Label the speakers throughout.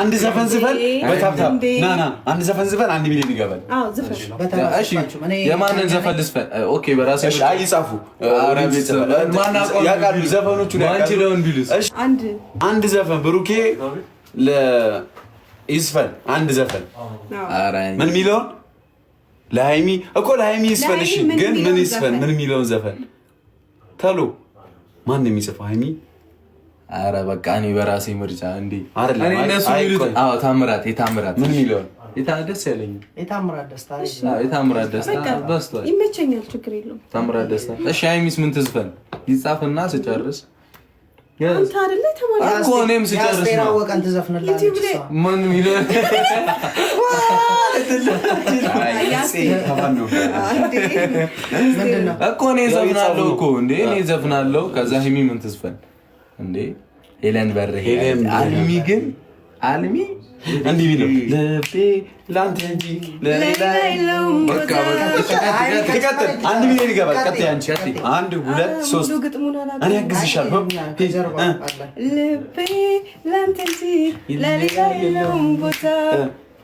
Speaker 1: አንድ ዘፈን ዝፈን በታብታብ ና ና አንድ ዘፈን ዝፈን አንድ ሚሊዮን ይገባል። የማንን ዘፈን ልስፈን? ኦኬ በራሴ ይጻፉ ያውቃሉ ዘፈኖቹን። አንድ ዘፈን ብሩኬ ይስፈን አንድ ዘፈን ምን የሚለውን ለሀይሚ እኮ ለሀይሚ ይስፈን። እሺ ግን ምን ይስፈን? ምን የሚለውን ዘፈን ተሎ ማን የሚጽፍ ሀይሚ? አረ በቃ እኔ በራሴ ምርጫ እንዴ አለ ታምራት የታምራት ምን ይለዋል? ደስ ያለኝ የታምራት ደስታ በስቷል።
Speaker 2: ይመቸኛል፣ ችግር የለውም።
Speaker 1: ታምራት ደስታ እሺ። ሀይሚስ ምን ትዝፈን? ይጻፍና ስጨርስ
Speaker 2: እኔም ስጨርስ ነው
Speaker 1: እኮ እኔ ዘፍናለሁ እኮ እንዴ እኔ ዘፍናለሁ። ከዛ ሄሚ ምን ትዝፈን እንዴ? ሄለን በር አልሚ ግን አልሚ እንዲህ ቢለው ልቤ ለአንተ እንጂ አንድ ሚሊዮን ይገባል። ቀጥይ አንድ ሁለት ሶስት እኔ አግዝሻለሁ።
Speaker 2: ልቤ ለአንተ እንጂ ለሌላ የለውም ቦታ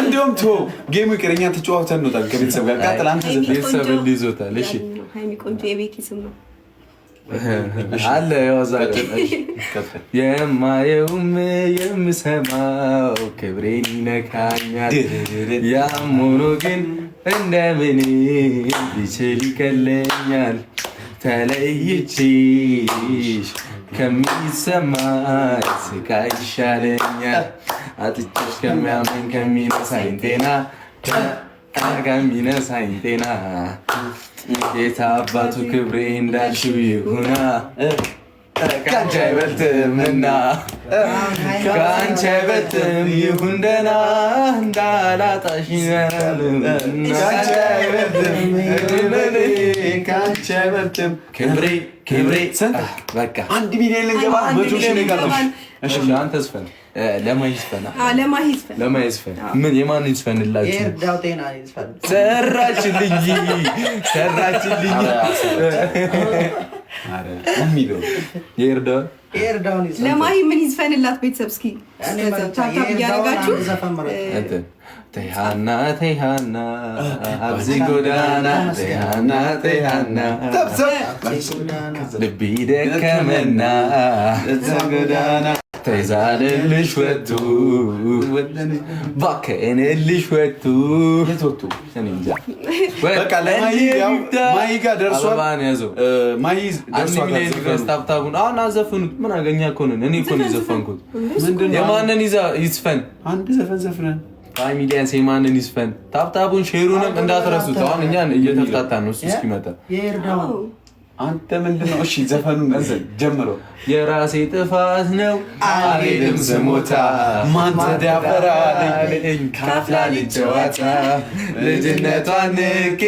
Speaker 1: እንዲሁም ቶ ጌሙ ይቅረኛ ተጫዋተን እንወጣለን ከቤተሰብ ጋር ቀጥል። አንተ ቤተሰብ እንዲይዞታል። እሺ
Speaker 2: ቆንጆ የቤኪ ስም ነው
Speaker 1: አለ የዋዛ የማየውም የምሰማው ክብሬን ይነካኛል። ያም ሆኖ ግን እንደምን ቢችል ይቀለኛል ተለይቼሽ ከሚሰማኝ ስቃይ ይሻለኛል አጥቼሽ ከሚያመኝ ከሚነሳኝ ጤና ከሚነሳኝ ጤና ጌታ አባቱ ክብሬ እንዳልሽው ይሁና ከአንቺ አይበልጥምና ከአንቺ አይበልጥም ይሁን ደህና እንዳላጣሽ ክብሬ የማን
Speaker 2: ይዝፈንላችሁ?
Speaker 1: ሰራችልኝ ሰራችልኝ
Speaker 2: ለማሂ ምን ይዝፈንላት? ቤተሰብ እስኪ ታብታብ እያደረጋችሁ
Speaker 1: ተሃና አብዚ ጎዳና ተሃና ተሃና ልቢ ደከመና ጎዳና ተዛንልሽ ወጡ ባከንልሽ ወጡ ማሂ ጋር ደርሷል። ታብታቡን አሁን አዘፍኑት። ምን አገኛ እኮ እኔ እኮ ነው የዘፈንኩት። የማንን ይዝፈን? አንድ ዘፈን ዘፍነን ሚሊየንስ የማንን ይዝፈን? ታብታቡን ሼሩንም እንዳትረሱት። አሁን እኛን እየተፍታታን ነው እሱ እስኪመጣ አንተ ምንድን ነው? እሺ ዘፈኑ መዘን ጀምሮ የራሴ ጥፋት ነው አሬድም ስሞታ ማን ተዳፈራልኝ ካፍላል ጨዋታ ልጅነቷ ንቄ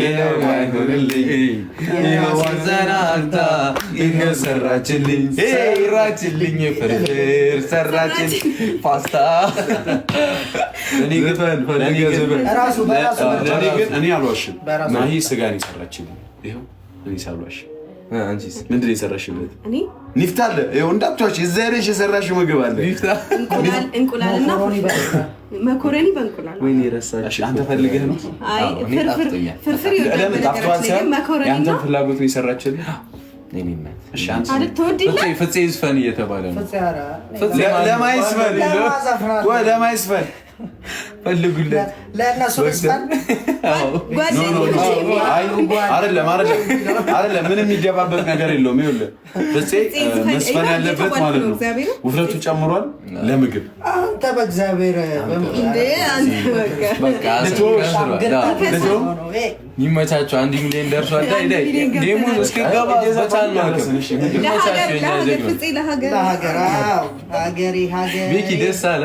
Speaker 1: ይሆንልኝ ይሆንዘናታ ይኸው ሰራችልኝ ሰራችልኝ ፍርፍር ሰራችል ፓስታ እኔ ግን እኔ አልዋሽም ናሂ ስጋን ይሰራችልኝ ይኸው ሳሏሽ አንቺስ ምንድን ነው የሰራሽበት? ኒፍታ አለ እንዳትዋሽ፣ እዛ ሄደሽ የሰራሽው ምግብ አለ።
Speaker 2: እንቁላልና መኮረኒ በእንቁላል።
Speaker 1: ወይኔ ረሳሽ። አንተ ፈልገህ ነው?
Speaker 2: አይ ፍርፍር የአንተን
Speaker 1: ፍላጎት የሰራችልህ። ፍፄ ይዝፈን እየተባለ ነው።
Speaker 2: ለማይስፈን
Speaker 1: ፈልጉለት ለእነሱ አይደለም፣ ምንም የሚገባበት ነገር የለውም። ይኸውልህ
Speaker 2: መስፈን ያለበት ማለት ነው
Speaker 1: ውፍረቱ ጨምሯል። ለምግብ ይመቻቸው። አንድ ሚሊዮን ደርሷል። ደስ አለ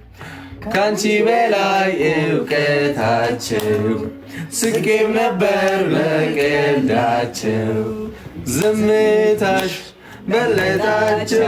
Speaker 1: ከአንቺ በላይ እውቀታቸው ስቄም ነበር በቀልዳቸው ዝምታሽ በለጣቸው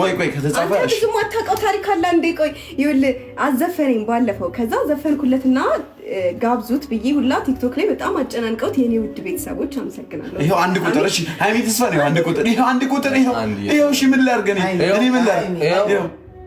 Speaker 1: ቆይ ቆይ ከተጻፈ አንተ
Speaker 2: ብዙም አታውቀው ታሪክ አለ እንዴ? ቆይ ይኸውልህ አዘፈነኝ ባለፈው። ከዛ ዘፈንኩለትና ጋብዙት ብዬ ሁላ ቲክቶክ ላይ በጣም አጨናንቀውት የኔ ውድ ቤተሰቦች አመሰግናለሁ።
Speaker 1: ይሄው አንድ ቁጥር እሺ፣ ሃይሚ ተስፋ ነው አንድ ቁጥር። ይሄው አንድ ቁጥር። ይሄው ይሄው እሺ፣ ምን ላድርግ እኔ ምን ላድርግ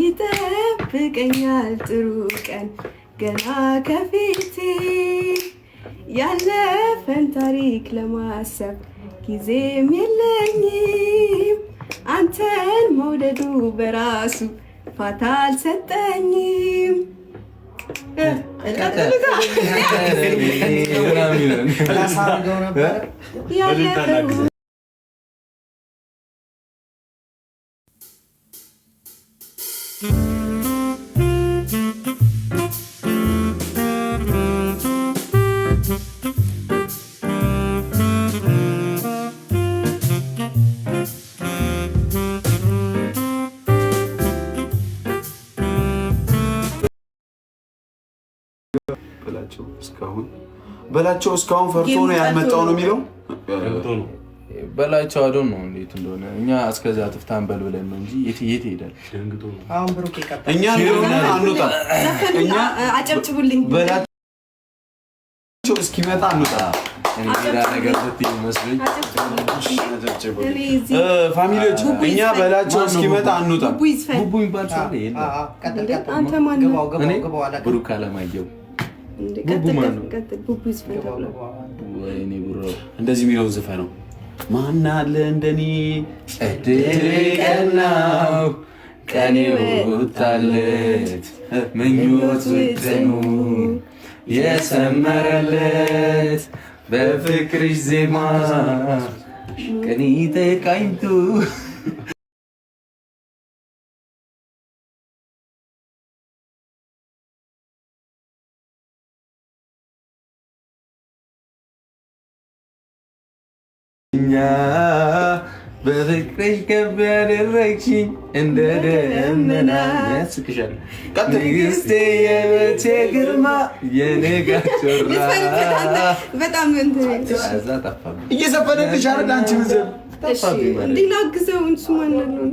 Speaker 2: ይጠብቀኛል ጥሩ ቀን ገና ከፊቴ ያለፈን ታሪክ ለማሰብ ጊዜም የለኝም። አንተን መውደዱ በራሱ ፋታ አልሰጠኝም።
Speaker 1: በላቸው እስካሁን ፈርቶ ነው ያልመጣው ነው የሚለው በላቸው አዶን ነው እንዴት እንደሆነ እኛ እስከዚያ ትፍታን በል ብለን ነው እንጂ የት የት ይሄዳል። እኛ እንደሆነ አንወጣ
Speaker 2: እኛ አጨብጭቡልኝ በላቸው
Speaker 1: እስኪመጣ አንወጣ ነገር መስሎኝ ፋሚሊዎች እኛ በላቸው እስኪመጣ አንወጣም። ቡቡ ይባል ሰው አለ የለም አንተ ብሩክ አለማየሁ እንደዚህ የሚለውን ዝፈ ነው አለ እንደኔ ድቀናው ቀኔ ወጣለት ምኞት ውጥኑ የሰመረለት በፍቅርሽ ዜማ ቀኔ ተቃኝቱ ጓደኛ በፍቅርሽ ከፍ ያደረግሽኝ እንደ ደመና ያስቅሻል ንግስቴ የቤቴ ግርማ የኔጋ ጮራ አረዳንቺ ምዝብ
Speaker 2: እንዲህ እንሱ ማን